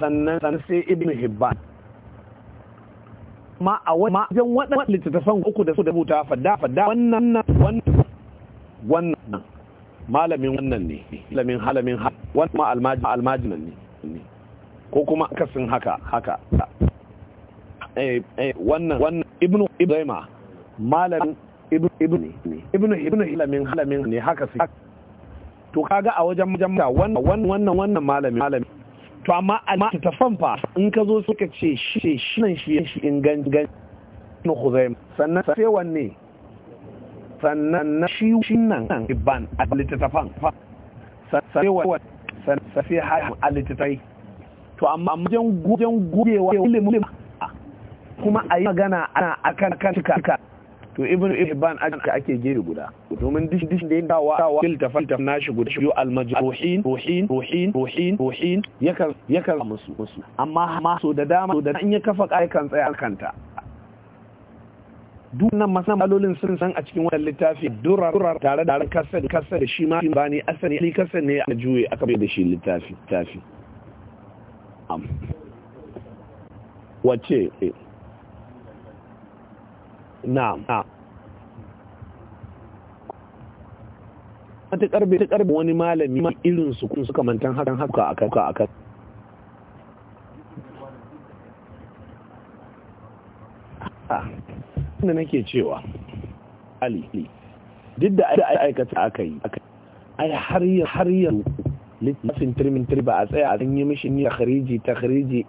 sannan sai ibn hibban ma a wajen waɗannan littattafan uku da su da buta fada fada wannan wannan malamin wannan ne malamin halamin wannan ma almajinan ne ko kuma akasin haka haka eh, eh, wannan wannan ibnu ibrahim. malamin ibnu ibnu ibnu ibnu halamin halamin ne haka to kaga a wajen majamta wannan wannan wannan malamin malamin to amma almata ta famfa in ka zo suka ce shi shinan shi in gangan na huzaim sannan sai wanne sannan na shi shinan ibban a littattafan sai sannan sai har a littattafai to amma wajen gujewa ilimin kuma a yi magana ana akan kan cika to ibn ibn aka ake gere guda domin dish dish da wa dawa kiltafan taf shi guda shi al-majruhin ruhin ruhin ruhin ruhin yakan yakan musu musu amma ma so da dama da in ya kafa kai kan tsaya kanta dunan masalolin sun san a cikin wannan littafi durar tare da kasar kasar shi ma bani asali kasar ne a juye aka bai da shi littafi littafi wace نعم ta karbe ta karbe wani malami irin su kun suka mantan hakan haka a kanka a kanka ah, nake cewa ali duk da aikata aka ai har har yanzu littafin turmin triba a tsaya. a yi mishi ni a khariji ta